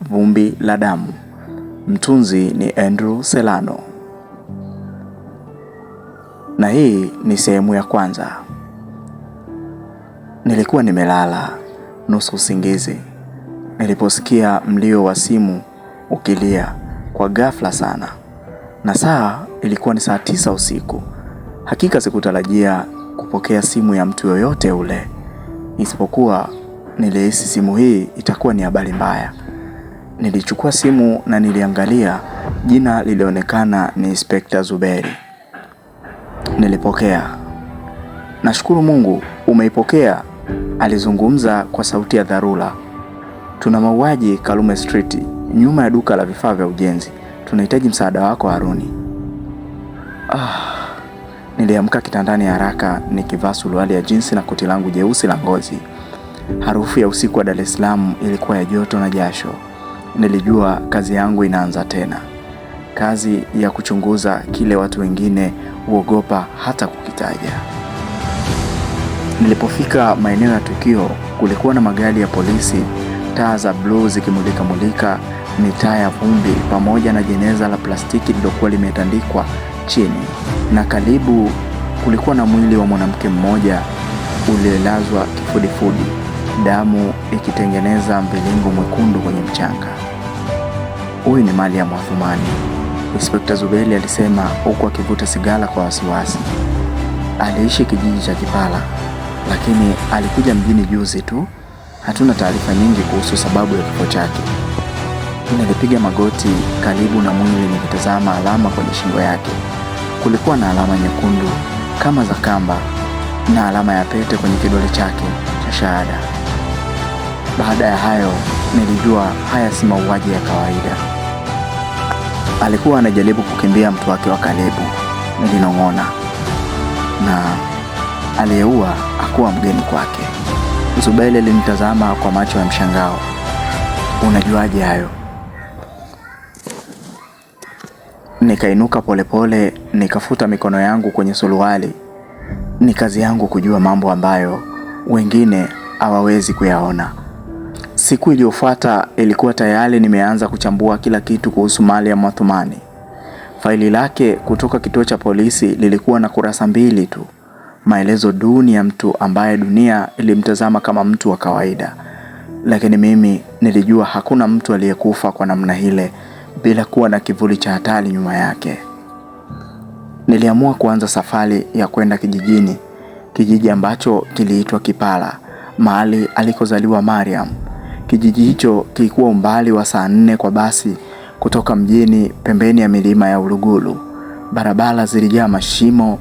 Vumbi la Damu. Mtunzi ni Andrew Selano, na hii ni sehemu ya kwanza. Nilikuwa nimelala nusu usingizi niliposikia mlio wa simu ukilia kwa ghafla sana, na saa ilikuwa ni saa tisa usiku. Hakika sikutarajia kupokea simu ya mtu yoyote ule, isipokuwa nilihisi simu hii itakuwa ni habari mbaya. Nilichukua simu na niliangalia, jina lilionekana ni Inspekta Zuberi. Nilipokea. Nashukuru Mungu umeipokea, alizungumza kwa sauti ya dharura. Tuna mauaji kalume Street, nyuma ya duka la vifaa vya ujenzi. Tunahitaji msaada wako Haruni. Ah, niliamka kitandani haraka nikivaa suruali ya jinsi na koti langu jeusi la ngozi. Harufu ya usiku wa Dar es Salaam ilikuwa ya joto na jasho nilijua kazi yangu inaanza tena, kazi ya kuchunguza kile watu wengine huogopa hata kukitaja. Nilipofika maeneo ya tukio, kulikuwa na magari ya polisi, taa za bluu zikimulika mulika mitaa ya vumbi, pamoja na jeneza la plastiki lililokuwa limetandikwa chini, na karibu kulikuwa na mwili wa mwanamke mmoja uliolazwa kifudifudi, damu ikitengeneza mviringo mwekundu kwenye mchanga huyu ni mali ya Mwathumani, Inspekta zubeli alisema huku akivuta sigara kwa wasiwasi. Aliishi kijiji cha Kipala, lakini alikuja mjini juzi tu. Hatuna taarifa nyingi kuhusu sababu ya kifo chake. Nilipiga magoti karibu na mwili nikitazama alama kwenye shingo yake. Kulikuwa na alama nyekundu kama za kamba na alama ya pete kwenye kidole chake cha shahada. Baada ya hayo nilijua haya si mauaji ya kawaida alikuwa anajaribu kukimbia mtu wake wa karibu nilinong'ona, na aliyeua akuwa mgeni kwake. Zubeli alinitazama kwa macho ya mshangao. Unajuaje hayo? Nikainuka polepole, nikafuta mikono yangu kwenye suruali. Ni kazi yangu kujua mambo ambayo wengine hawawezi kuyaona. Siku iliyofuata ilikuwa tayari nimeanza kuchambua kila kitu kuhusu mali ya Mathumani. Faili lake kutoka kituo cha polisi lilikuwa na kurasa mbili tu, maelezo duni ya mtu ambaye dunia ilimtazama kama mtu wa kawaida, lakini mimi nilijua hakuna mtu aliyekufa kwa namna ile bila kuwa na kivuli cha hatari nyuma yake. Niliamua kuanza safari ya kwenda kijijini, kijiji ambacho kiliitwa Kipara, mahali alikozaliwa Mariam. Kijiji hicho kilikuwa umbali wa saa nne kwa basi kutoka mjini, pembeni ya milima ya Uluguru. Barabara zilijaa mashimo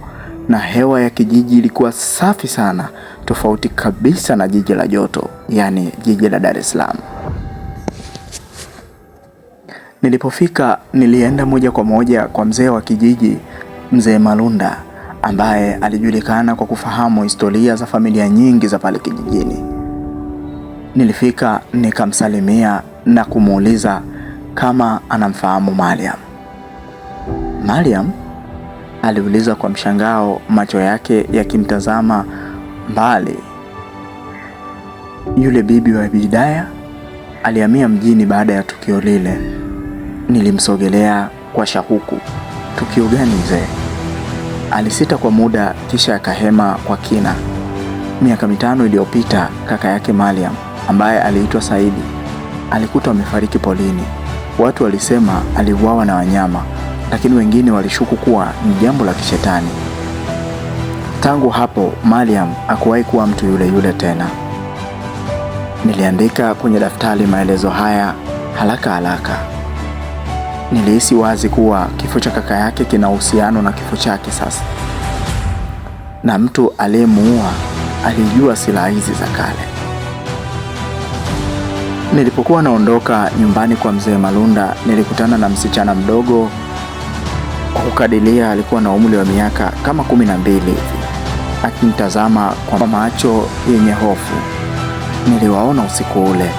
na hewa ya kijiji ilikuwa safi sana, tofauti kabisa na jiji la joto, yaani jiji la Dar es Salaam. Nilipofika nilienda moja kwa moja kwa mzee wa kijiji, mzee Malunda, ambaye alijulikana kwa kufahamu historia za familia nyingi za pale kijijini. Nilifika nikamsalimia na kumuuliza kama anamfahamu Mariam. Mariam aliuliza kwa mshangao, macho yake yakimtazama mbali. Yule bibi wa Bidaya alihamia mjini baada ya tukio lile. Nilimsogelea kwa shauku. Tukio gani mzee? Alisita kwa muda kisha akahema kwa kina. Miaka mitano iliyopita kaka yake Mariam ambaye aliitwa Saidi alikutwa amefariki polini. Watu walisema aliuawa na wanyama, lakini wengine walishuku kuwa ni jambo la kishetani. Tangu hapo Mariam hakuwahi kuwa mtu yule yule tena. Niliandika kwenye daftari maelezo haya haraka haraka. Nilihisi wazi kuwa kifo cha kaka yake kina uhusiano na kifo chake sasa, na mtu aliyemuua alijua silaha hizi za kale. Nilipokuwa naondoka nyumbani kwa mzee Malunda, nilikutana na msichana mdogo, kwa kukadilia alikuwa na umri wa miaka kama kumi na mbili, akimtazama kwa macho yenye hofu. Niliwaona usiku ule,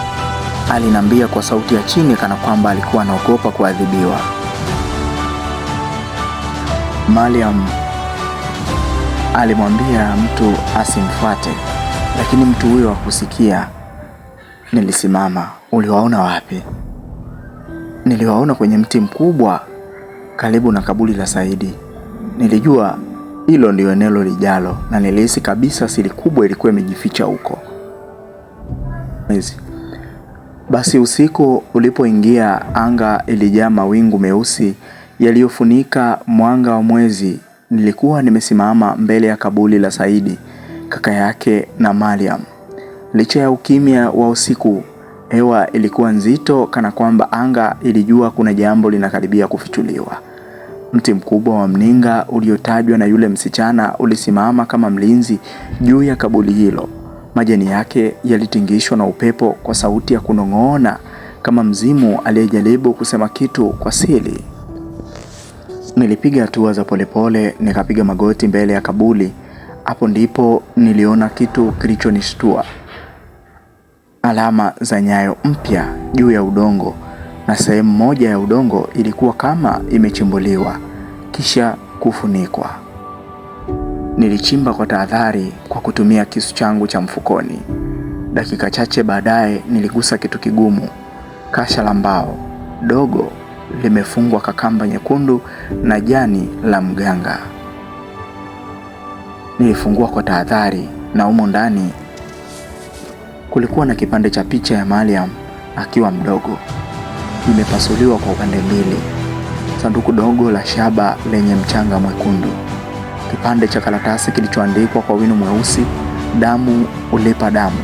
alinambia kwa sauti ya chini, kana kwamba alikuwa anaogopa kuadhibiwa. Mariam alimwambia mtu asimfuate, lakini mtu huyo hakusikia. Nilisimama. Uliwaona wapi? Niliwaona kwenye mti mkubwa karibu na kaburi la Saidi. Nilijua hilo ndio eneo lijalo na nilihisi kabisa siri kubwa ilikuwa imejificha huko. Basi usiku ulipoingia, anga ilijaa mawingu meusi yaliyofunika mwanga wa mwezi. Nilikuwa nimesimama mbele ya kaburi la Saidi, kaka yake na Mariam. Licha ya ukimya wa usiku, hewa ilikuwa nzito, kana kwamba anga ilijua kuna jambo linakaribia kufichuliwa. Mti mkubwa wa mninga uliotajwa na yule msichana ulisimama kama mlinzi juu ya kaburi hilo. Majani yake yalitingishwa na upepo kwa sauti ya kunong'ona kama mzimu aliyejaribu kusema kitu kwa siri. Nilipiga hatua za polepole, nikapiga magoti mbele ya kaburi. Hapo ndipo niliona kitu kilichonishtua alama za nyayo mpya juu ya udongo na sehemu moja ya udongo ilikuwa kama imechimbuliwa kisha kufunikwa. Nilichimba kwa tahadhari kwa kutumia kisu changu cha mfukoni. Dakika chache baadaye niligusa kitu kigumu, kasha la mbao dogo limefungwa kwa kamba nyekundu na jani la mganga. Nilifungua kwa tahadhari na umo ndani kulikuwa na kipande cha picha ya Mariam akiwa mdogo, imepasuliwa kwa upande mbili, sanduku dogo la shaba lenye mchanga mwekundu, kipande cha karatasi kilichoandikwa kwa wino mweusi, damu ulipa damu,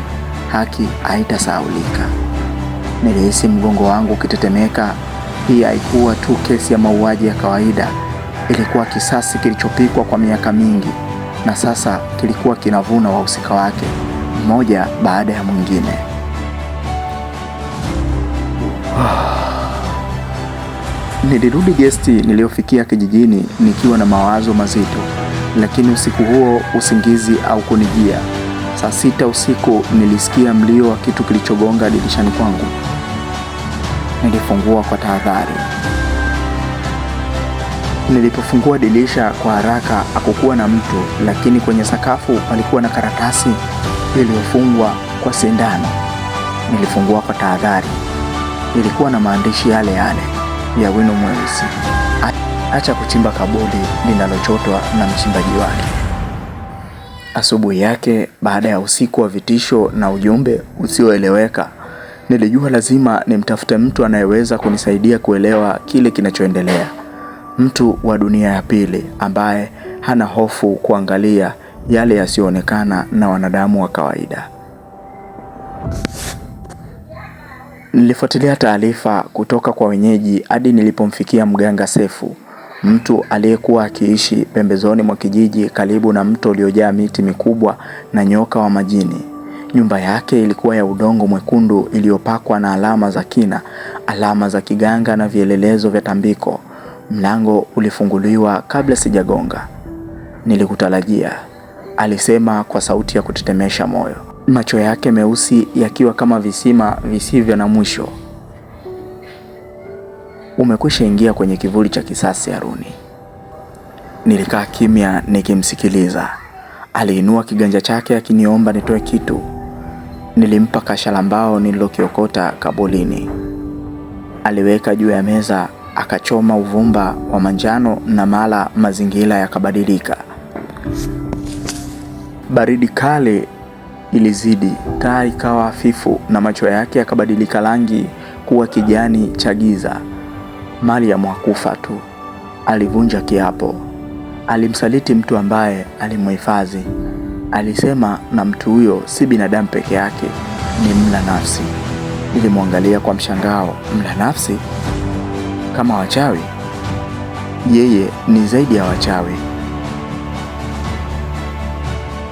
haki haitasahaulika. Nilihisi mgongo wangu ukitetemeka. Hii haikuwa tu kesi ya mauaji ya kawaida, ilikuwa kisasi kilichopikwa kwa miaka mingi, na sasa kilikuwa kinavuna wahusika wake mmoja baada ya mwingine. Nilirudi gesti niliyofikia kijijini nikiwa na mawazo mazito, lakini usiku huo usingizi au kunijia. Saa sita usiku nilisikia mlio wa kitu kilichogonga dirishani kwangu. Nilifungua kwa tahadhari. Nilipofungua dirisha kwa haraka hakukuwa na mtu, lakini kwenye sakafu palikuwa na karatasi iliyofungwa kwa sindano. Nilifungua kwa tahadhari. Ilikuwa na maandishi yale yale ya wino mweusi, acha kuchimba kaburi linalochotwa na mchimbaji wake. Asubuhi yake, baada ya usiku wa vitisho na ujumbe usioeleweka, nilijua lazima nimtafute mtu anayeweza kunisaidia kuelewa kile kinachoendelea, mtu wa dunia ya pili ambaye hana hofu kuangalia yale yasiyoonekana na wanadamu wa kawaida. Nilifuatilia taarifa kutoka kwa wenyeji hadi nilipomfikia mganga Sefu, mtu aliyekuwa akiishi pembezoni mwa kijiji karibu na mto uliojaa miti mikubwa na nyoka wa majini. Nyumba yake ilikuwa ya udongo mwekundu iliyopakwa na alama za kina, alama za kiganga na vielelezo vya tambiko. Mlango ulifunguliwa kabla sijagonga. Nilikutarajia alisema kwa sauti ya kutetemesha moyo, macho yake meusi yakiwa kama visima visivyo na mwisho. Umekwisha ingia kwenye kivuli cha kisasi Haruni. Nilikaa kimya nikimsikiliza. Aliinua kiganja chake akiniomba nitoe kitu. Nilimpa kasha la mbao nililokiokota kabolini. Aliweka juu ya meza, akachoma uvumba wa manjano na mara mazingira yakabadilika. Baridi kale ilizidi, taa ikawa hafifu na macho yake yakabadilika rangi kuwa kijani cha giza. Mariam hakufa tu, alivunja kiapo. Alimsaliti mtu ambaye alimhifadhi. Alisema na mtu huyo si binadamu peke yake, ni mla nafsi. ilimwangalia kwa mshangao. Mla nafsi? Kama wachawi? Yeye ni zaidi ya wachawi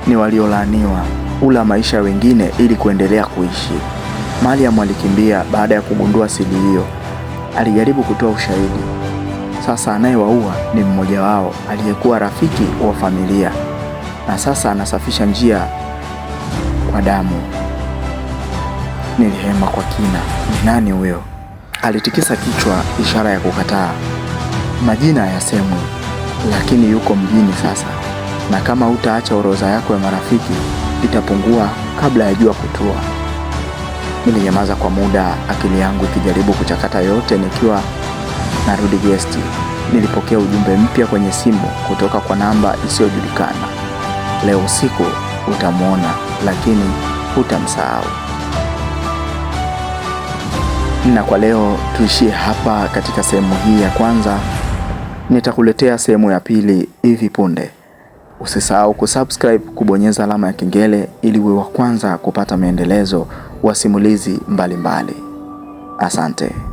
ni waliolaaniwa, ula maisha wengine ili kuendelea kuishi. Mariam alikimbia baada ya kugundua siri hiyo. Alijaribu kutoa ushahidi. Sasa anayewaua ni mmoja wao aliyekuwa rafiki wa familia, na sasa anasafisha njia kwa damu. Nilihema kwa kina, ni nani huyo? Alitikisa kichwa, ishara ya kukataa. Majina hayasemwi, lakini yuko mjini sasa na kama utaacha orodha yako ya marafiki itapungua kabla ya jua kutua. Nilinyamaza kwa muda, akili yangu ikijaribu kuchakata yote. Nikiwa narudi gesti, nilipokea ujumbe mpya kwenye simu kutoka kwa namba isiyojulikana: leo usiku utamwona, lakini hutamsahau. Na kwa leo tuishie hapa katika sehemu hii ya kwanza. Nitakuletea sehemu ya pili hivi punde. Usisahau kusubscribe, kubonyeza alama ya kengele ili uwe wa kwanza kupata maendelezo wa simulizi mbalimbali Asante.